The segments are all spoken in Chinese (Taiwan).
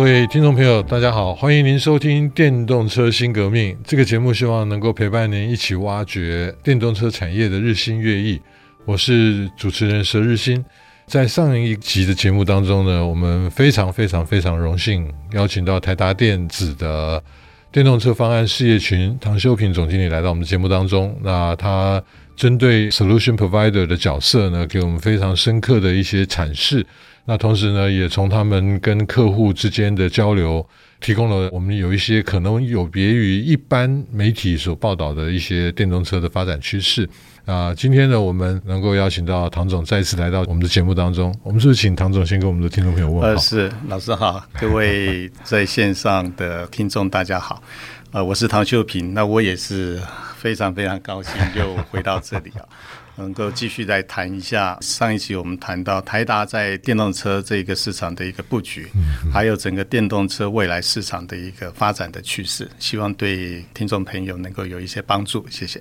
各位聽眾朋友，大家好，歡迎您收聽《電動車新革命》這個節目，希望能夠陪伴您一起挖掘電動車產業的日新月異。我是主持人佘日新，在上一集的節目當中呢，我們非常非常非常榮幸邀請到台達電子的。電動車方案事業群唐修平總經理來到我們的節目當中。那他針對 Solution Provider 的角色呢，給我們非常深刻的一些闡釋。那同時呢，也從他們跟客戶之間的交流。提供了我們有一些可能有別於一般媒體所報道的一些電動車的發展趨勢啊、呃。今天呢，我們能夠邀請到唐總再次來到我們的節目當中，我們是不是請唐總先跟我們的聽眾朋友問好、呃？是，老師好，各位在線上的聽眾大家好， 呃，我是唐修平，那我也是非常非常高興又回到這裡啊。 能夠繼續再談一下，上一期我們談到台達在電動車這個市場的一個佈局，還有整個電動車未來市場的一個發展的趨勢，希望對聽眾朋友能夠有一些幫助，謝謝。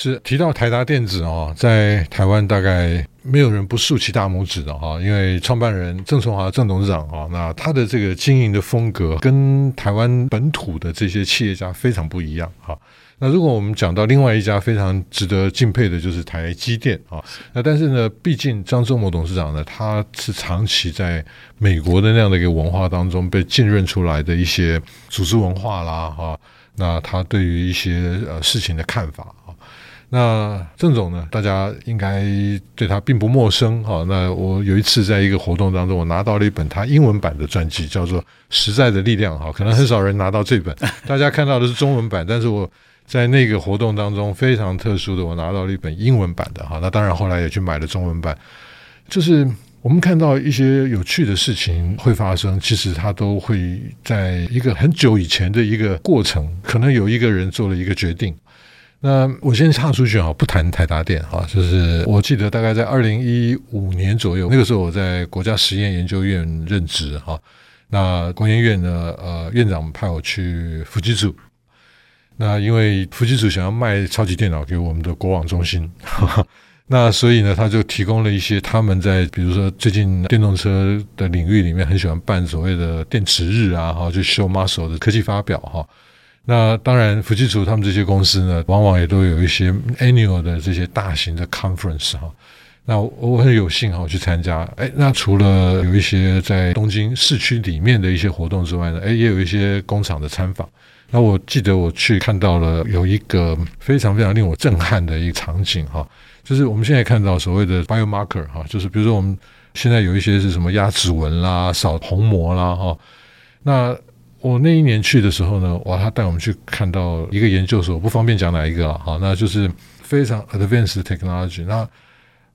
是提到台達電子啊、哦，在台灣大概沒有人不豎起大拇指的哈、哦，因為創辦人鄭崇華鄭董事長啊、哦，那他的這個經營的風格跟台灣本土的這些企業家非常不一樣哈、哦。那如果我們講到另外一家非常值得敬佩的，就是台積電啊、哦，那但是呢，畢竟張忠謀董事長呢，他是長期在美國的那樣的一個文化當中被浸潤出來的一些組織文化啦哈、哦，那他對於一些呃事情的看法。那鄭總呢？大家應該對他並不陌生哈。那我有一次在一個活動當中，我拿到了一本他英文版的傳記，叫做《實在的力量》哈。可能很少人拿到這本，大家看到的是中文版。但是我在那個活動當中非常特殊的，我拿到了一本英文版的哈。那當然，後來也去買了中文版。就是我們看到一些有趣的事情會發生，其實它都會在一個很久以前的一個過程，可能有一個人做了一個決定。那我先岔出去啊，不談台達電，就是我記得大概在二零一五年左右，那個時候我在國家實驗研究院任職哈，那工研院呢，呃，院長派我去富士通，那因為富士通想要賣超級電腦給我們的國網中心呵呵，那所以呢，他就提供了一些他們在比如說最近電動車的領域裡面很喜歡辦所謂的電池日啊，然後去 show muscle 的科技發表哈。那當然，Fujitsu 他們這些公司呢，往往也都有一些 annual 的這些大型的 conference 哈、哦。那我很有幸哈、哦，去參加。哎，那除了有一些在東京市區裡面的一些活動之外呢，哎，也有一些工廠的參訪。那我記得我去看到了有一個非常非常令我震撼的一個場景哈、哦，就是我們現在看到所謂的 biomarker 哈，就是比如說我們現在有一些是什麼壓指紋啦、掃虹膜啦哈、哦，那。我、oh, 那一年去的時候呢，哇，他帶我們去看到一個研究所，不方便講哪一個啊。好，那就是非常 advanced technology 那。那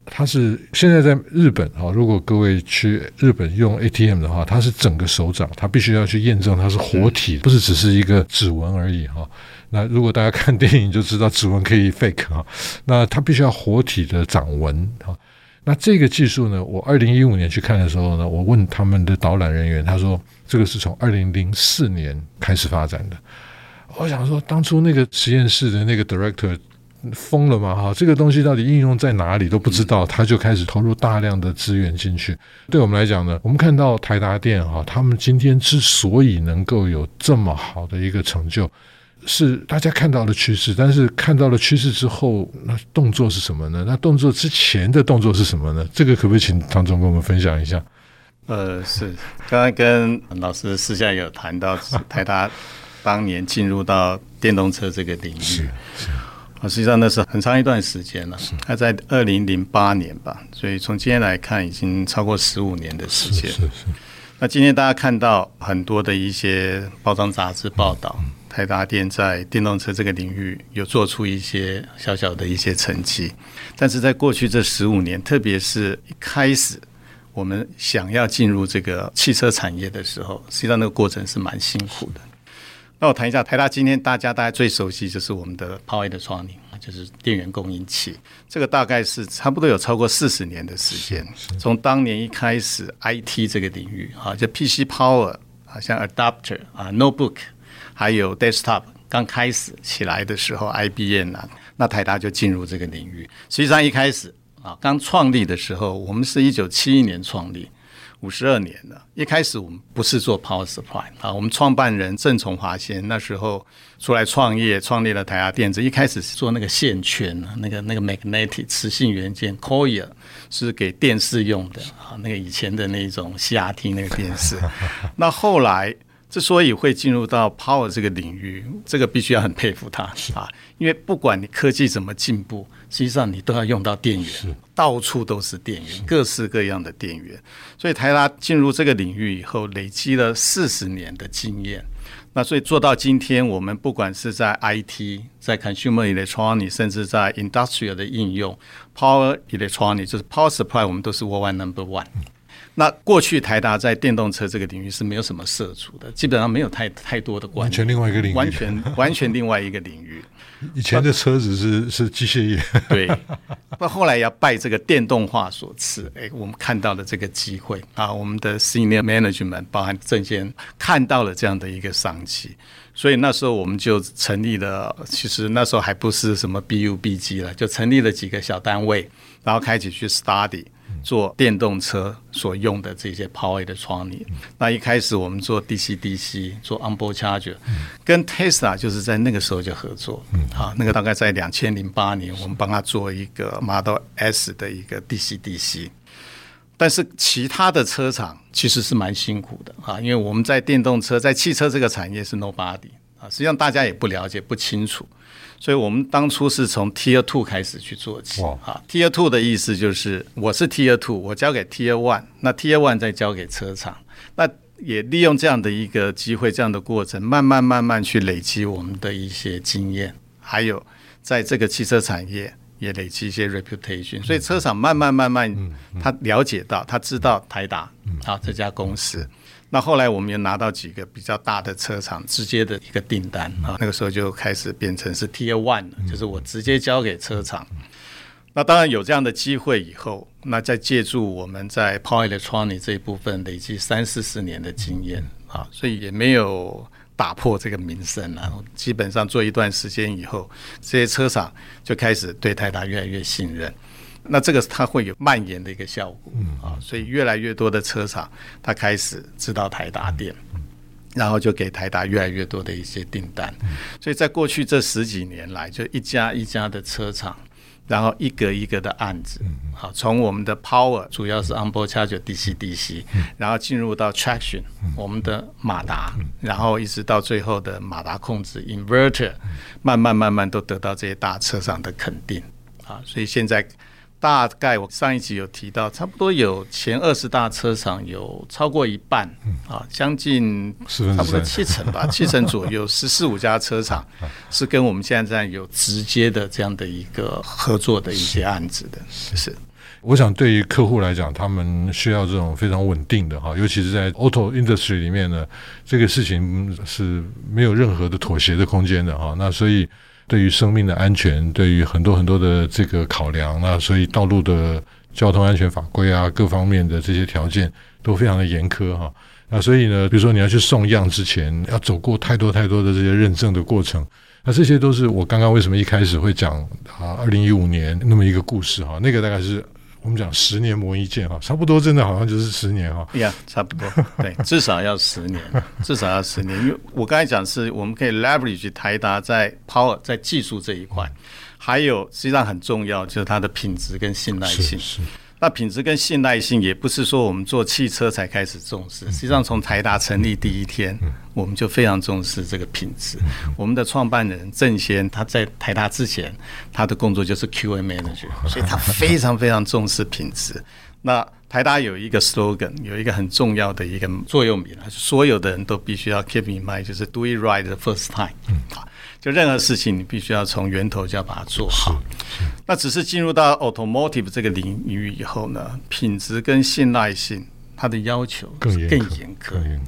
它是現在在日本啊、哦，如果各位去日本用 ATM 的話，它是整個手掌，它必須要去驗證它是活體，不是只是一個指紋而已哈、哦。那如果大家看電影就知道指紋可以 fake 哈、哦，那它必須要活體的掌紋那這個技術呢？我二零一五年去看的時候呢，我問他們的導覽人員，他說這個是從二零零四年開始發展的。我想說，當初那個實驗室的那個 director 瘋了嗎？哈，這個東西到底應用在哪裡都不知道，他就開始投入大量的資源進去。對我們來講呢，我們看到台達電哈，他們今天之所以能夠有這麼好的一個成就。是大家看到了趨勢，但是看到了趨勢之後，那動作是什麼呢？那動作之前的動作是什麼呢？這個可不可以請唐總跟我們分享一下？呃，是，剛剛跟老師私下有談到，台達當年進入到電動車這個領域，啊， 實際上那是很長一段時間了。那在二零零八年吧，所以從今天來看，已經超過十五年的時間。是是，是。那今天大家看到很多的一些包裝雜誌報道。台達電在電動車這個領域有做出一些小小的一些成績，但是在過去這十五年，特別是一開始我們想要進入這個汽車產業的時候，實際上那個過程是蠻辛苦的。那我談一下台達，今天大家大家最熟悉就是我們的 Power Electronics，就是電源供應器，這個大概是差不多有超過四十年的時間，是是，從當年一開始 IT 這個領域啊，就 PC Power 啊，像 Adapter 啊，Notebook。還有 desktop 剛開始起來的時候，IBM 啊，那台達就進入這個領域。實際上一開始啊，剛創立的時候，我們是一九七一年創立，五十二年了。一開始我們不是做 power supply 啊，我們創辦人鄭崇華先那時候出來創業，創立了台達電子。一開始是做那個線圈啊，那個那個 magnetic 磁性元件 coil 是給電視用的啊，那個以前的那種 CRT 那個電視。 那後來。之所以會進入到 power 這個領域，這個必須要很佩服他啊！因為不管你科技怎麼進步，實際上你都要用到電源，到處都是電源，各式各樣的電源。所以台達進入這個領域以後，累積了四十年的經驗。那所以做到今天，我們不管是在 IT、在 consumer electronics，甚至在 industrial 的應用，power electronics、就是 power supply，我們都是 world one, number one。那過去台達在電動車這個領域是沒有什麼涉足的，基本上沒有太太多的關係，完全另外一個領域。完全完全另外一個領域。 以前的車子是、啊、是機械業， 對。那後來要拜這個電動化所賜，哎、欸，我們看到了這個機會啊！我們的 Senior Management，包含鄭先，看到了這樣的一個商機，所以那時候我們就成立了，其實那時候還不是什麼 B U B G 了，就成立了幾個小單位，然後開始去 study。做電動車所用的這些 power 的創意、嗯，那一開始我們做 DC-DC 做 onboard charger，、嗯、跟 Tesla 就是在那個時候就合作，好、嗯啊，那個大概在兩千零八年，我們幫他做一個 Model S 的一個 DC-DC。但是其他的車廠其實是蠻辛苦的啊，因為我們在電動車在汽車這個產業是 Nobody 啊，實際上大家也不了解不清楚。所以我們當初是從 Tier Two 開始去做起啊、Wow.，Tier Two 的意思就是我是 Tier Two，我交給 Tier One，那 Tier One 再交給車廠，那也利用這樣的一個機會，這樣的過程，慢慢慢慢去累積我們的一些經驗，還有在這個汽車產業也累積一些 reputation，所以車廠慢慢慢慢，他了解到，嗯嗯、他知道台達啊、嗯嗯、這家公司。嗯那後來我們又拿到幾個比較大的車廠直接的一個訂單啊、嗯，那個時候就開始變成是 Tier One 了、嗯，就是我直接交給車廠、嗯。那當然有這樣的機會以後，那再借助我們在 Power Electronics 這一部分累積三四十年的經驗、嗯、啊，所以也沒有打破這個名聲然後，啊、基本上做一段時間以後，這些車廠就開始對台達越來越信任。那這個它會有蔓延的一個效果、嗯、啊，所以越來越多的車廠它開始知道台達電、嗯嗯嗯，然後就給台達越來越多的一些訂單、嗯。所以在過去這十幾年來，就一家一家的車廠，然後一個一個的案子，嗯嗯、好，從我們的 Power、嗯、主要是 onboard charge 就 DC DC，、嗯、然後進入到 traction、嗯、我們的馬達、嗯，然後一直到最後的馬達控制 Inverter，、嗯、慢慢慢慢都得到這些大車廠的肯定啊，所以現在。大概我上一集有提到，差不多有前二十大車廠有超過一半，嗯，啊，將近差不多七成吧，七成左右，十四五家車廠是跟我們現在這樣有直接的這樣的一個合作的一些案子的，是。是是，我想對於客戶來講，他們需要這種非常穩定的啊，尤其是在 auto industry 裡面呢，這個事情是沒有任何的妥協的空間的啊，那所以。對於生命的安全，對於很多很多的這個考量啊，那所以道路的交通安全法規啊，各方面的這些條件都非常的嚴苛哈。那所以呢，比如說你要去送樣之前，要走過太多太多的這些認證的過程，那這些都是我剛剛為什麼一開始會講啊，二零一五年那麼一個故事哈，那個大概是。我們講十年磨一劍啊，差不多真的好像就是十年啊，對呀，差不多，對， 至少要十年，至少要十年。因為我剛才講是，我們可以 leverage 台達在 power 在技術這一塊，哦、還有實際上很重要就是它的品質跟信賴性。那品質跟信賴性也不是說我們做汽車才開始重視，實際上從台達成立第一天，我們就非常重視這個品質。我們的創辦人鄭先，他在台達之前，他的工作就是 QA Manager，所以他非常非常重視品質。那台達有一個 slogan，有一個很重要的一個座右銘，所有的人都必須要 keep in mind，就是 do it right the first time。嗯。就任何事情你必須要從源頭就要把它做好。嗯。那只是進入到 automotive 這個領域以後呢，品質跟信賴性它的要求更嚴苛。更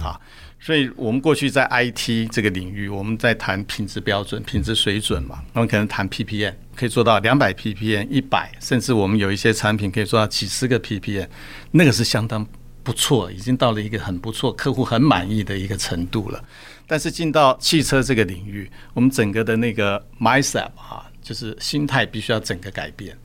所以我們過去在 IT 這個領域，我們在談品質標準、品質水準嘛，那我們可能談 PPM 可以做到兩百 PPM、一百，甚至我們有一些產品可以做到幾十個 PPM，那個是相當不錯，已經到了一個很不錯、客戶很滿意的一個程度了。但是進到汽車這個領域，我們整個的那個 mindset 啊，就是心態必須要整個改變。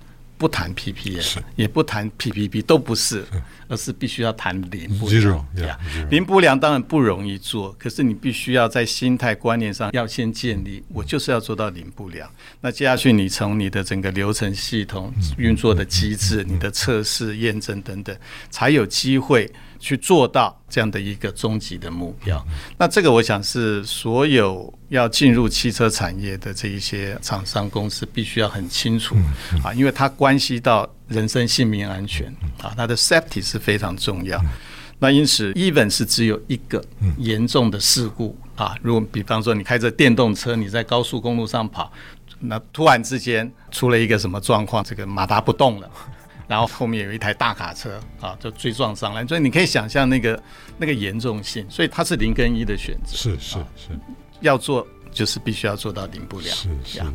不談 PPM 也不談 P P P，都不是，是，而是必須要談零不良。Zero, yeah, zero. 零不良當然不容易做，可是你必須要在心態觀念上要先建立，mm -hmm. 我就是要做到零不良。那接下去你從你的整個流程系統運作的機制、mm -hmm. 你的測試驗證等等，才有機會。去做到這樣的一個終極的目標，那這個我想是所有要進入汽車產業的這一些廠商公司必須要很清楚啊，因為它關係到人身性命安全啊，它的 safety 是非常重要。那因此，even 是只有一個嚴重的事故啊，如果比方說你開着電動車你在高速公路上跑，那突然之間出了一個什麼狀況，這個馬達不動了。然後後面有一台大卡車啊，就追撞上來，所以你可以想象那個那個嚴重性。所以它是零跟一的選擇，是是是、啊，要做就是必須要做到零不良，是是是這樣。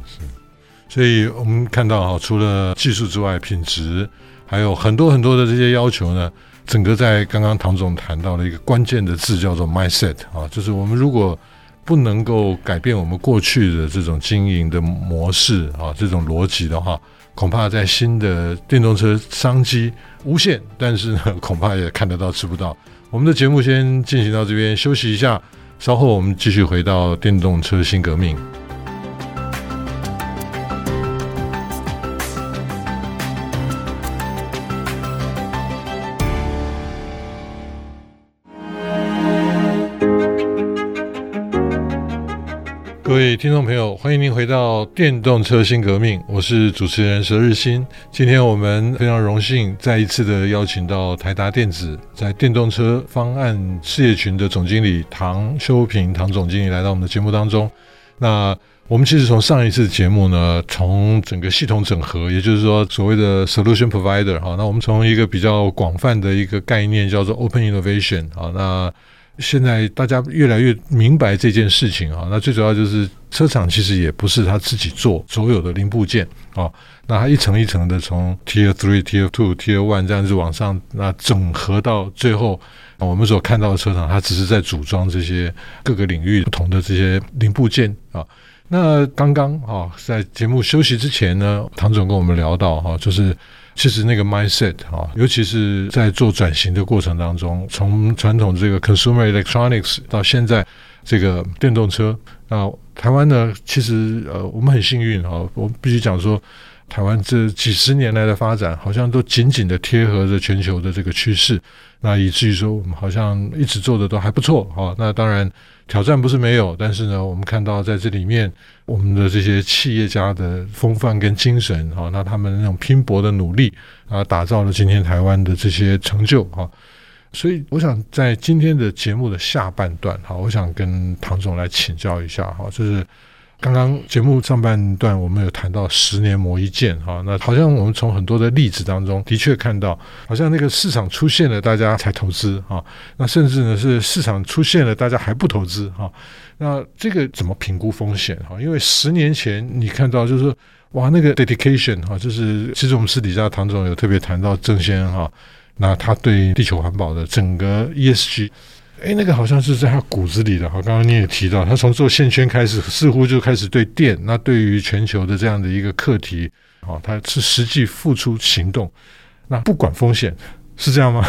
所以我們看到哈，除了技術之外，品質還有很多很多的這些要求呢。整個在剛剛唐總談到了一個關鍵的字叫做 mindset 啊，就是我們如果不能夠改變我們過去的這種經營的模式啊，這種邏輯的話。恐怕在新的電動車商機無限，但是呢，恐怕也看得到吃不到。我們的節目先進行到這邊，休息一下，稍後我們繼續回到電動車新革命。聽眾朋友，歡迎您回到電動車新革命。我是主持人佘日新。今天我們非常榮幸再一次的邀請到台達電子在電動車方案事業群的總經理唐修平、唐總經理來到我們的節目當中。那我們其實從上一次節目呢，從整個系統整合，也就是說所謂的 solution provider 啊，那我們從一個比較廣泛的一個概念叫做 open innovation 啊，那。現在大家越來越明白這件事情啊，那最主要就是車廠其實也不是他自己做所有的零部件啊，那它一層一層的從 Tier Three、Tier Two、Tier One 這樣子往上，那整合到最後我們所看到的車廠，它只是在組裝這些各個領域不同的這些零部件啊。那剛剛啊，在節目休息之前呢，唐總跟我們聊到哈，就是。其實那個 mindset 哈，尤其是在做轉型的過程當中，從傳統這個 consumer electronics 到現在這個電動車，那台灣呢，其實呃，我們很幸運哈，我們必須講說。台灣這幾十年來的發展，好像都緊緊的貼合着全球的這個趨勢，那以至於說我們好像一直做的都還不錯，好，那當然挑戰不是沒有，但是呢，我們看到在這裡面，我們的這些企業家的風範跟精神，好，那他們那種拼搏的努力啊，打造了今天台灣的這些成就，哈，所以我想在今天的節目的下半段，好，我想跟唐總來請教一下，哈，就是。剛剛節目上半段，我們有談到“十年磨一劍”哈，那好像我們從很多的例子當中，的確看到，好像那個市場出現了，大家才投資哈；那甚至呢，是市場出現了，大家還不投資哈。那這個怎麼評估風險哈？因為十年前你看到就是說，哇，那個 dedication 哈，就是其實我們私底下唐總有特別談到鄭先生哈，那他對地球環保的整個 ESG。哎，那個好像是在他骨子裡的哈。剛剛你也提到，他從做線圈開始，似乎就開始對電。那對於全球的這樣的一個課題，啊、哦，他是實際付出行動。那不管風險是這樣嗎？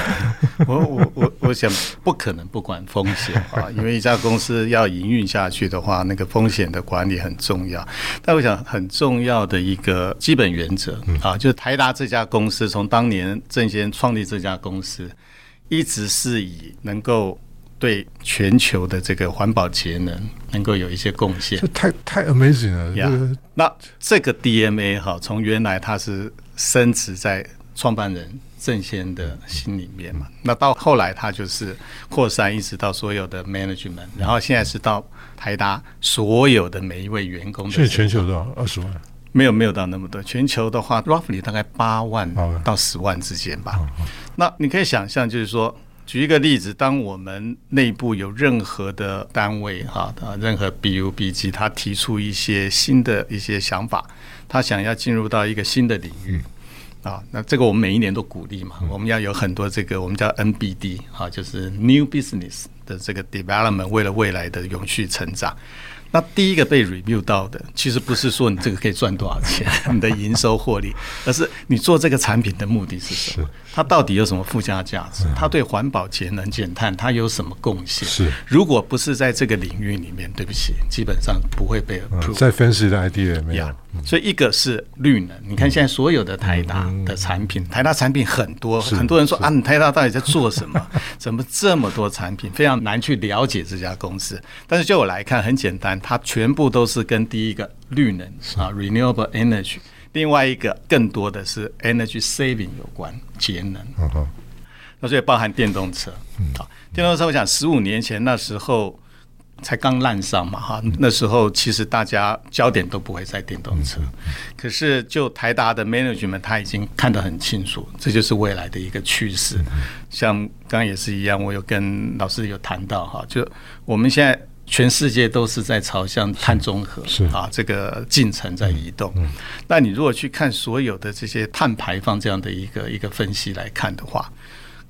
我我我我想不可能不管風險啊，因為一家公司要營運下去的話，那個風險的管理很重要。但我想很重要的一個基本原則啊，就是台達這家公司從當年鄭先創立這家公司，一直是以能夠。對全球的這個環保節能，能夠有一些貢獻，這太太 amazing 了呀、yeah, 這個！那這個 DNA 哈，從原來它是深植在創辦人鄭先的心裡面嘛、嗯嗯，那到後來他就是擴散，一直到所有的 management，、嗯、然後現在是到台達所有的每一位員工。現在全球多少二十萬？沒有，沒有到那麼多。全球的話，roughly 大概八萬到十萬之間吧。那你可以想象，就是說。舉一個例子，當我們內部有任何的單位哈啊，任何 BU、BG，他提出一些新的一些想法，他想要進入到一個新的領域啊，那這個我們每一年都鼓勵嘛，我們要有很多這個我們叫 NBD 哈，就是 New Business 的這個 Development，為了未來的永續成長。那第一個被 review 到的，其實不是說你這個可以賺多少錢， 你的營收獲利，而是你做這個產品的目的是什麼？是它到底有什麼附加價值、嗯？它對環保節能減碳，它有什麼貢獻？是，如果不是在這個領域裡面，對不起，基本上不會被 approved、嗯。在分析的 idea 裡面，有、yeah, 嗯。所以一個是綠能，你看現在所有的台達的產品，嗯、台達產品很多，很多人說啊，你台達到底在做什麼？ 怎麼這麼多產品？非常難去了解這家公司。但是就我來看，很簡單。它全部都是跟第一個綠能啊，renewable energy，另外一個更多的是 energy saving 有關，節能。嗯、那所以包含電動車，嗯、好，電動車，我想十五年前那時候才剛濫觴嘛，嗯，哈，那時候其實大家焦點都不會在電動車，嗯是嗯，可是就台達的 management 他已經看得很清楚，這就是未來的一個趨勢，嗯嗯。像剛剛也是一樣，我有跟老師有談到哈，就我們現在。全世界都是在朝向碳中和是，是啊，這個進程在移動、嗯嗯。那你如果去看所有的這些碳排放這樣的一個一個分析來看的話，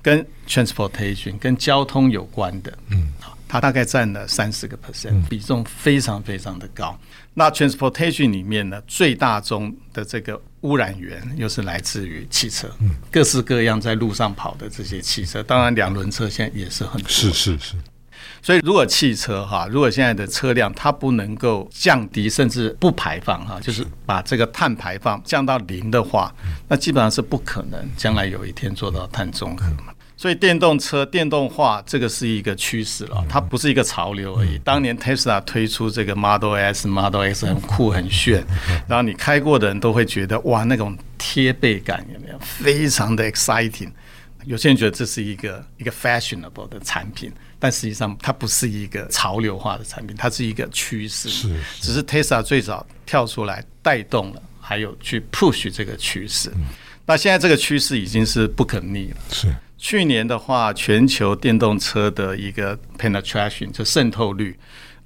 跟 transportation 跟交通有關的，嗯、啊、它大概佔了三十個 percent 比重，非常非常的高、嗯。那 transportation 裡面呢，最大宗的這個汙染源又是來自於汽車、嗯，各式各樣在路上跑的這些汽車，當然兩輪車現在也是很多、嗯，是是是。是所以，如果汽車哈，如果現在的車輛它不能夠降低甚至不排放哈，就是把這個碳排放降到零的話，那基本上是不可能，將來有一天做到碳中和嘛？所以，電動車電動化這個是一個趨勢了，它不是一個潮流而已。當年 Tesla 推出這個 Model S、Model X 很酷很炫，然後你開過的人都會覺得哇，那種貼背感有沒有？非常的 exciting。有些人覺得這是一個一個 fashionable 的產品。但實際上，它不是一個潮流化的產品，它是一個趨勢。只是 Tesla 最早跳出來帶動了，還有去 push 這個趨勢。那現在這個趨勢已經是不可逆了。是，去年的話，全球電動車的一個 penetration，就滲透率。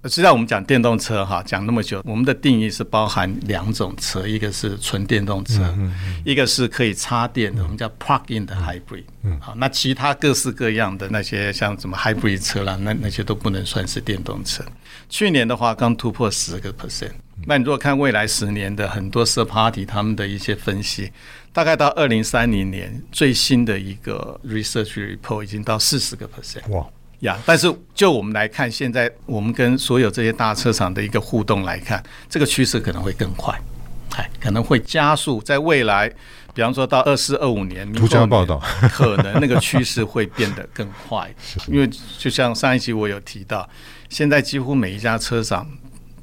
實際上，我們講電動車哈，講那麼久，我們的定義是包含兩種車，一個是純電動車，嗯嗯嗯，一個是可以插電的，嗯、我們叫 plug in 的 hybrid。嗯。好，那其他各式各樣的那些像什麼 hybrid 車啦，那那些都不能算是電動車。去年的話，剛突破十個 percent。嗯。那你如果看未來十年的很多 third party 他們的一些分析，大概到二零三零年最新的一個 research report 已經到四十個 percent。哇！哎，呀、yeah,，但是就我們來看，現在我們跟所有這些大車廠的一個互動來看，這個趨勢可能會更快，哎，可能會加速。在未來，比方說到二四二五年，獨家報道，可能那個趨勢會變得更快。 因為就像上一集我有提到，現在幾乎每一家車廠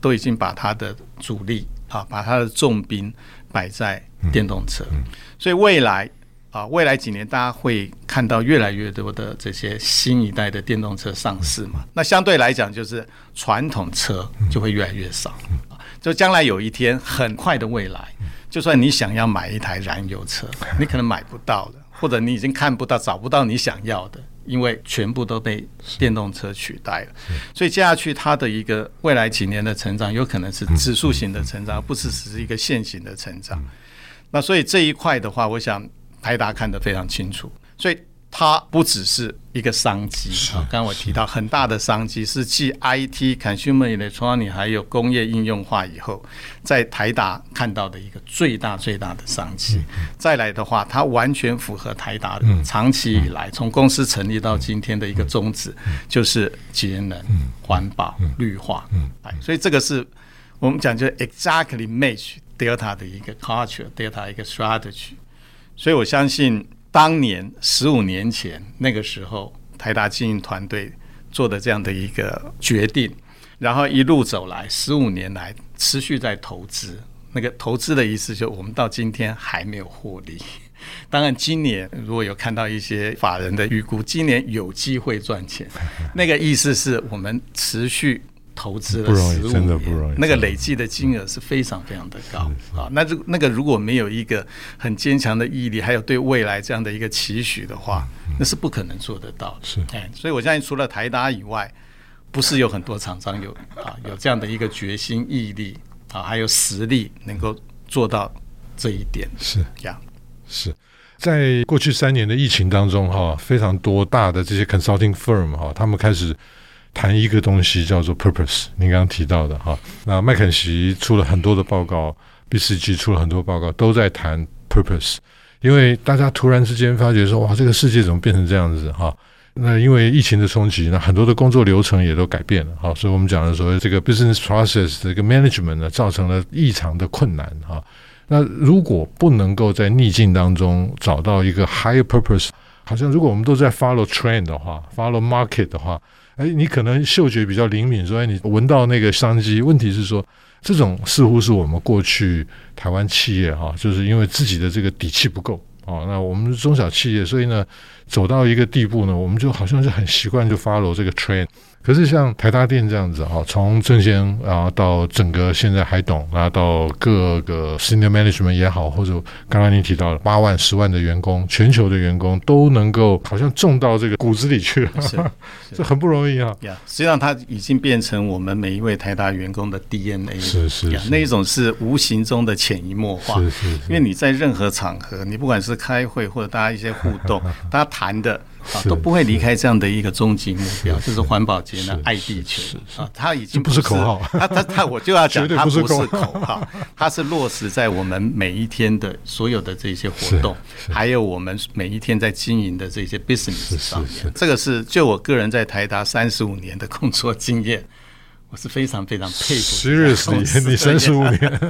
都已經把它的主力啊，把它的重兵擺在電動車，嗯嗯、所以未來。啊，未來幾年大家會看到越來越多的這些新一代的電動車上市嘛？那相對來講，就是傳統車就會越來越少。啊，就將來有一天，很快的未來，就算你想要買一台燃油車，你可能買不到的，或者你已經看不到、找不到你想要的，因為全部都被電動車取代了。所以接下去，它的一個未來幾年的成長，有可能是指數型的成長，而不是只是一個線型的成長。那所以這一塊的話，我想。台達看得非常清楚，所以它不只是一個商機。剛剛、啊、我提到很大的商機是，是，繼 IT、consumer electronics 還有工業應用化以後，在台達看到的一個最大最大的商機、嗯嗯。再來的話，它完全符合台達長期以來從、嗯、公司成立到今天的一個宗旨，嗯、就是節能、環、嗯、保、綠化、嗯嗯嗯。所以這個是我們講究 exactly match Delta 的一個 culture，Delta 一個 strategy。所以，我相信當年十五年前那個時候，台達經營團隊做的這樣的一個決定，然後一路走來，十五年來持續在投資。那個投資的意思，就是我們到今天還沒有獲利。當然，今年如果有看到一些法人的預估，今年有機會賺錢，那個意思是我們持續。投資不容易，真的不容易。那個累計的金額是非常非常的高，是，是啊！那就，那個如果沒有一個很堅強的毅力，還有對未來這樣的一個期許的話，那是不可能做得到的。是哎、嗯，所以我相信，除了台達以外，不是有很多廠商有啊，有這樣的一個決心、毅力啊，還有實力能夠做到這一點。是這樣，是在過去三年的疫情當中，哈，非常多大的這些 consulting firm 哈，他們開始。談一個東西叫做 purpose，您剛剛提到的哈，那麥肯錫出了很多的報告，BCG 出了很多報告，都在談 purpose，因為大家突然之間發覺說，哇，這個世界怎麼變成這樣子哈？那因為疫情的衝擊，那很多的工作流程也都改變了哈，所以我們講的說，這個 business process 這個 management 呢，造成了異常的困難哈。那如果不能夠在逆境當中找到一個 higher purpose，好像如果我們都在 follow trend 的話，follow market 的話，哎，你可能嗅覺比較靈敏，所以你聞到那個商機。問題是說，這種似乎是我們過去台灣企業哈，就是因為自己的這個底氣不夠啊。那我們是中小企業，所以呢，走到一個地步呢，我們就好像就很習慣就 follow 這個 trend。可是像台達電這樣子哈，從鄭先然後、啊、到整個現在海董，然、啊、後到各個 senior management 也好，或者剛剛您提到的八萬十萬的員工，全球的員工都能夠好像種到這個骨子裡去了，是，這很不容易啊。Yeah, 實際上，它已經變成我們每一位台達員工的 DNA 是。是是。Yeah, 那一種是無形中的潛移默化。是是，是，是。因為你在任何場合，你不管是開會或者大家一些互動， 大家談的。啊，都不會離開這樣的一個終極目標，是是，就是環保節能，是是，愛地球。啊，它已經不是，不是口號它，他它它，它我就要講，他不，不是口號，他是落實在我們每一天的所有的這些活動，是是，還有我們每一天在經營的這些 business 上面。是是是是，這個是就我個人在台達三十五年的工作經驗，我是非常非常佩服。Seriously? 你日你三十五年，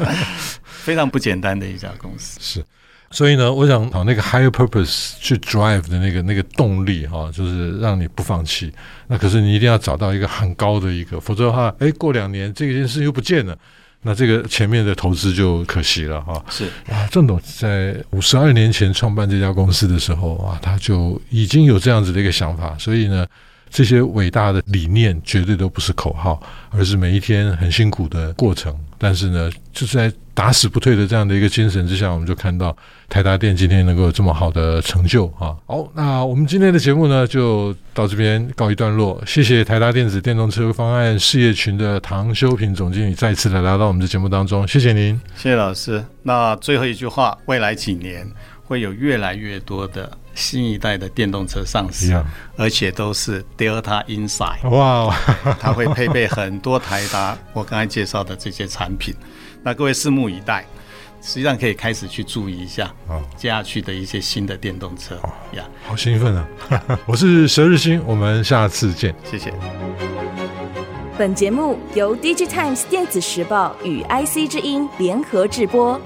非常不簡單的一家公司。是。所以呢，我想啊，那個 higher purpose 去 drive 的那個那個動力哈、哦，就是讓你不放棄。那可是你一定要找到一個很高的一個，否則的話，誒、欸，過兩年這件事又不見了，那這個前面的投資就可惜了哈、哦。是啊，鄭董在五十二年前創辦這家公司的時候啊，他就已經有這樣子的一個想法。所以呢，這些偉大的理念絕對都不是口號，而是每一天很辛苦的過程。但是呢，就是在。打死不退的這樣的一個精神之下，我們就看到台達電今天能夠有這麼好的成就啊！好，那我們今天的節目呢，就到這邊告一段落。謝謝台達電子電動車方案事業群的唐修平總經理再次來到我們的節目當中，謝謝您，謝謝老師。那最後一句話，未來幾年會有越來越多的新一代的電動車上市，而且都是 Delta Inside 哇、哦，它會配備很多台達我剛才介紹的這些產品。那各位拭目以待，實際上可以開始去注意一下，接、哦、下去的一些新的電動車。呀、哦 yeah，好興奮啊！ 我是佘日新，我們下次見，謝謝。本節目由 DigiTimes 電子時報與 IC 之音聯合製播。